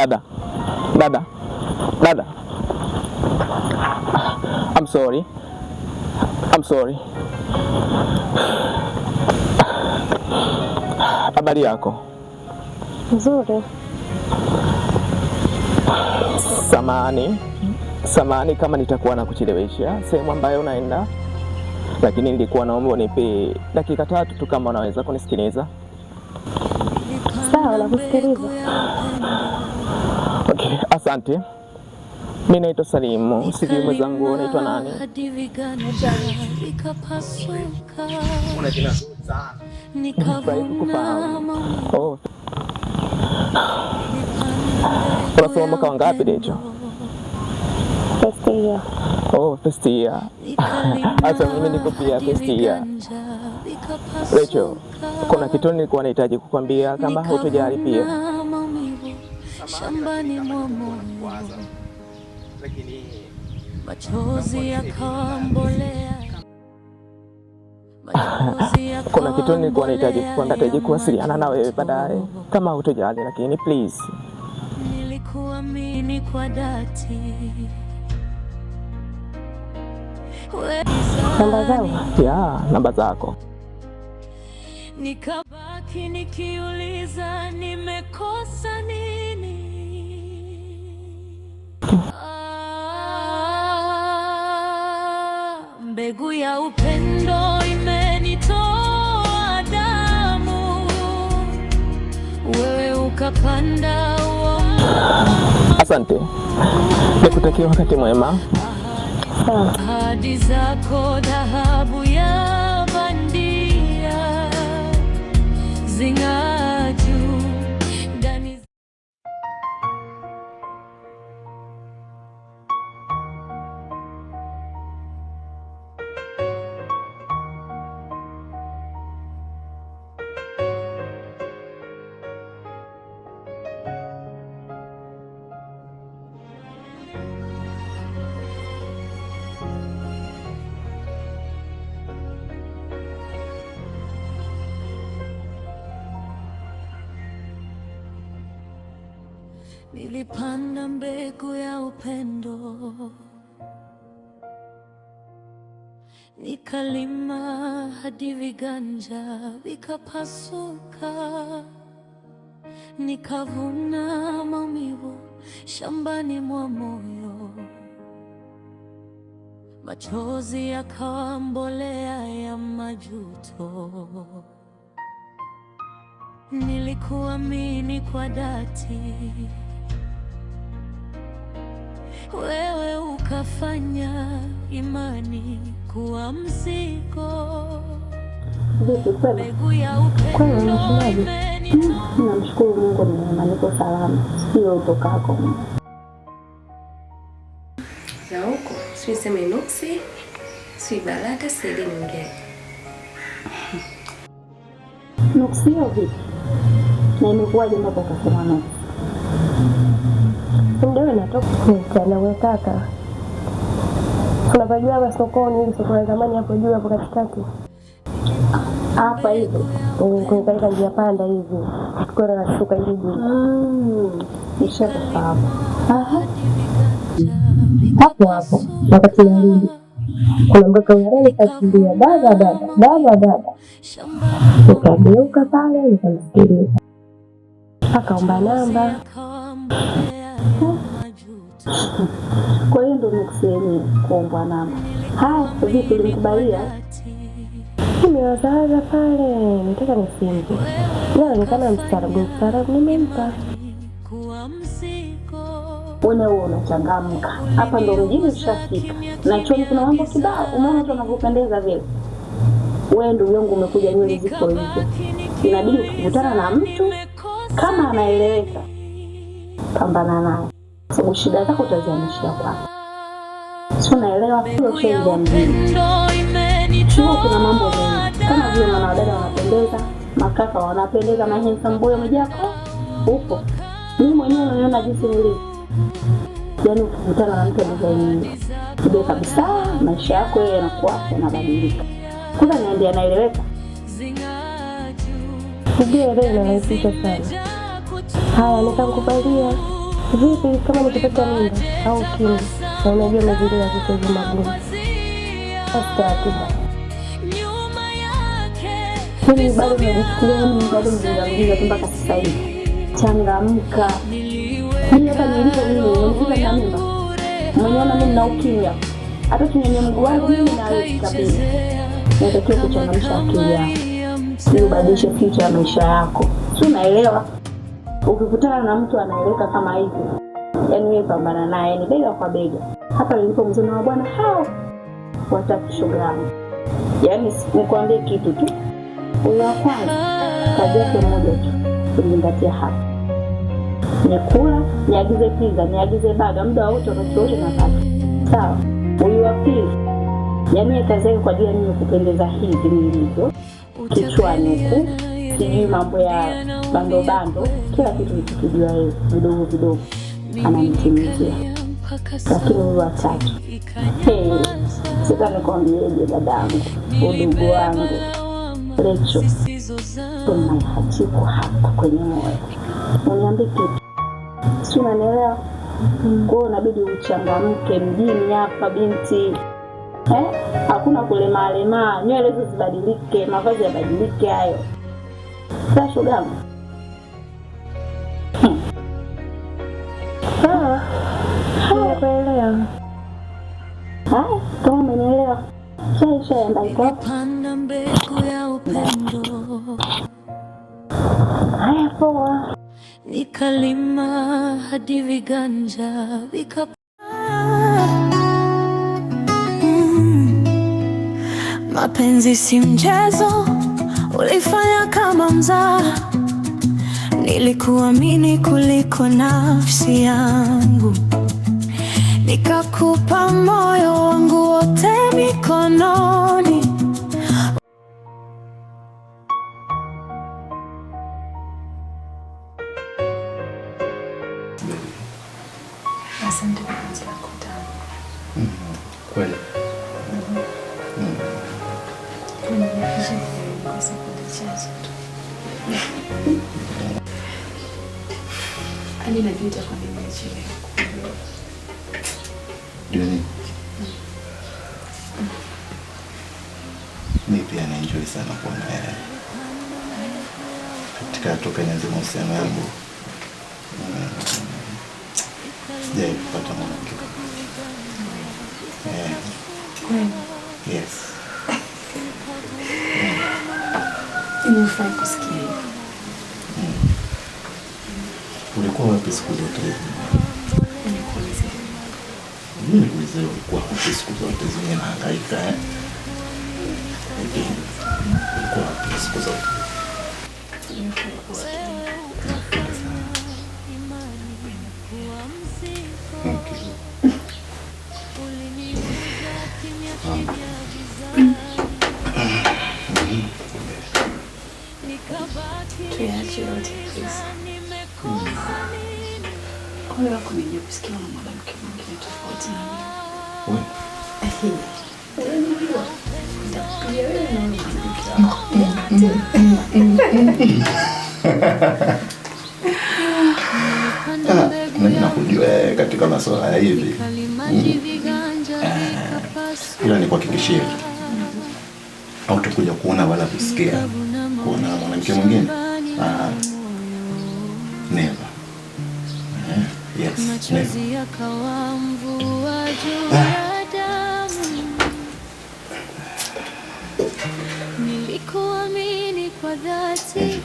Dada, dada, dada, I'm sorry, I'm sorry. Habari yako? Nzuri. Samani, samani kama nitakuwa na kuchelewesha sehemu ambayo unaenda, lakini nilikuwa naomba unipe dakika tatu tu, kama unaweza kunisikiliza. Sawa, nakusikiliza. Asante. Mimi naitwa Salimu, sijui mwenzangu naitwa nani. Oh. Unasoma mwaka wa ngapi Dejo? Oh, first year. Hata mimi niko pia first year. Dejo, kuna kitu nilikuwa nahitaji kukwambia kama hutojali pia shambani mwa Mungu, machozi yakambolea. Ah, kuna kitu nilikuwa nahitaji natahiji kuwasiliana na wewe baadaye kama hutojali, lakini please, nilikuamini kwa dhati. Namba zangu ya namba zako nikabaki nikiuliza nimekosa nini? Mbegu ya upendo imenitoa damu, wewe ukapanda. Asante, nikutakia wakati mwema. Ahadi zako dhahabu ya Nilipanda mbegu ya upendo, nikalima hadi viganja vikapasuka, nikavuna maumivu shambani mwa moyo, machozi yakawa mbolea ya majuto. Nilikuamini kwa dhati wewe ukafanya imani kuwa mzigo. Mbegu ya upendo namshukuru Mungu mema, niko salama, sio utokako na huko sijui sema nuksi sijui baraka sidi niongee nuksi hiyo vipi na imekuwaje mpaka ukasema nuksi? Mdogo natoka sana wewe kaka. Unapojua hapa sokoni hivi sokoni zamani hapo juu hapo katikati. Hapa hivi. Kwenye kaika njia panda hivi. Tuko na nashuka hivi juu. Mm. Kisha Aha. Hapo hapo wakati narudi. Kuna mtoto mrani kakimbia baba baba baba baba. Nikageuka pale nikamsikiliza. Akaomba namba. Kwa hiyo ndo nikusieni kuombwa namba. Haya, vipi nikubalia? Nimewazawaza pale, nataka nisimpe. Naonekana mstaarabu mstaarabu, nimempa. Une huo unachangamka hapa, ndo mjini tushafika, na chuoni kuna mambo kibao. Umeona tu anavyopendeza vile. Wewe ndugu yangu, umekuja nywele ziko hizo, inabidi ukikutana na mtu kama anaeleweka, pambana naye sababu shida zako utaziona shida kwako. Si unaelewa hilo? Shida mjini chuo kuna mambo mengi, kama vile wanawadada wanapendeza, makaka wanapendeza, mahensa mboyo mjako upo. Mimi mwenyewe naona jinsi nilivyo, yaani ukikutana na mtu mzaini kidogo kabisa, maisha yako yeye yanakuwa yanabadilika. Kwanza niambie, anaeleweka? Sijui, elewa inalahisisha sana. Haya, nikakubalia. Vipi kama nikipata mimba au kini, na unajua mazingira ya sasa magumu magumu, astatiba mimi bado najichukulia mimi bado mjingamjinga kwamba katika hivi changamka. Mimi hapa nilipo mimi nimekuwa na mimba mwenyewe, mimi na ukimya, hata kinyonye mguu wangu mimi nawezi kabisa. Natakiwa kuchangamsha akili yako ili ubadilishe picha ya maisha yako, si unaelewa? ukikutana na mtu anaeleka kama hivi, yani wewe pambana naye, yani bega kwa bega. Hapa nilipo mzima wa bwana hao watatu, shoga yani yaani nikwambie kitu tu, huyo wa kwanza kazi yake moja tu, kuzingatia hapa nikula niagize pizza niagize baga muda wote wakati wote napata sawa. Huyu wa pili, yani kazi yake kwa ajili ya mimi kupendeza hivi nilivyo, kichwani huku, sijui mambo ya bando bando, kila kitu nikikijua yeye vidogo vidogo ananitimizia, lakini huyu watatu hey, sasa nikwambieje dadangu, udugu wangu Recho, tunahatiku hapa kwenye moyo, uniambie kitu, si unanielewa? Kwao inabidi uchangamke mjini hapa binti. Eh, hakuna kulemaalemaa nywele zibadilike, mavazi yabadilike hayo. Sasa shogangu kuelewa. Haya, kama umenielewa shaishaenda iko. Haya, poa. Nikalima hadi viganja vika mm. Mapenzi si mchezo, ulifanya kama mzaa, nilikuamini kuliko nafsi yangu nikakupa moyo wangu wote mikononi. Asante kwa kazi mm-hmm. mm-hmm. mm-hmm. nimechelewa. sana kuwa na yeye katika tokenezi mahusiano yangu eh, sijai kupata mwanamke. Eh. Yes. Hmm. Ulikuwa wapi siku zote Mimi nikuulize ulikuwa wapi siku zote hizi, nahangaika eh? siku zote. Kwa hiyo kunijua kusikia na mwanamke mwingine tofauti na mimi. Mm, mm, mm, nakujua eh, katika masuala ya hivi, ila au tukuja kuona wala kusikia kuona mwanamke mwingine ah. never. Eh, yes, never. Ah. kwa dhati,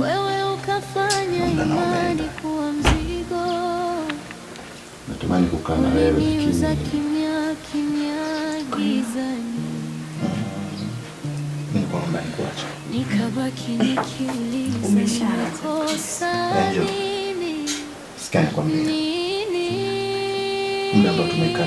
wewe ukafanya imani kuwa mzigo, natamani kukaa na wewe kimya kimya gizani, nikabaki nikiuliza nimekosa eh, nini nini, muda ambao tumekaa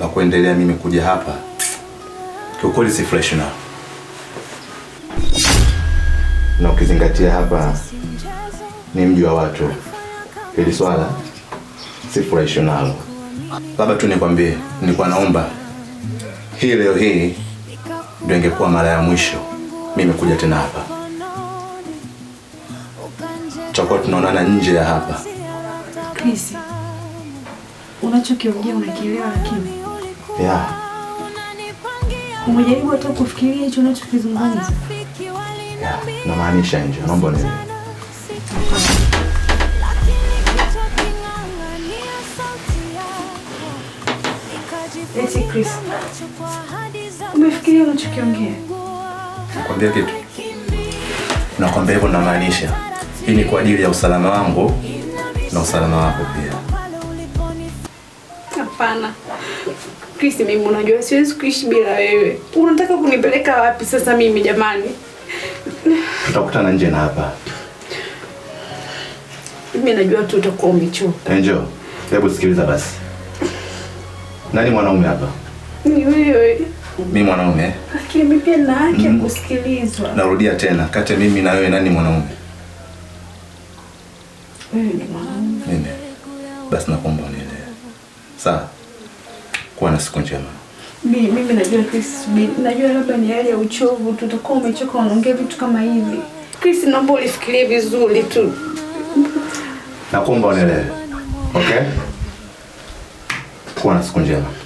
la kuendelea mimi kuja hapa kiukweli si fresh na na ukizingatia hapa ni mji wa watu, hili swala si fresh nalo. Labda tu nikwambie, nilikuwa naomba hii leo hii ndio ingekuwa mara ya mwisho mimi kuja tena hapa. Tutakuwa tunaonana nje ya hapa. Chris, unachokiongea unakielewa lakini Yeah. Umejaribu hata kufikiria hicho unachokizungumza? Yeah, namaanisha nje. Naomba nini? Chris. Umefikiria unachokiongea? Nakwambia kitu. Nakwambia hivyo namaanisha. Hii ni kwa ajili ya usalama wangu na usalama wako pia. Hapana. Kristi, mimi unajua siwezi kuishi bila wewe. Unataka kunipeleka wapi sasa mimi jamani? Tutakutana nje na hapa. Mimi najua tu utakuwa umechoka. Enjo, hebu sikiliza basi. Nani mwanaume hapa? Ni wewe. Mimi mwanaume. Lakini mimi pia na haki ya mm-hmm. kusikilizwa. Narudia tena, kati mimi na wewe nani mwanaume? Wewe ni mwanaume. Mimi. Basi nakuomba unielewe. Sawa. Kuwa na siku njema. Mimi najua Chris, najua labda ni hali ya uchovu tu, umechoka unaongea vitu kama hivi. Chris, naomba ulifikirie vizuri tu. Nakuomba unielewe. Okay? Kuwa na siku njema.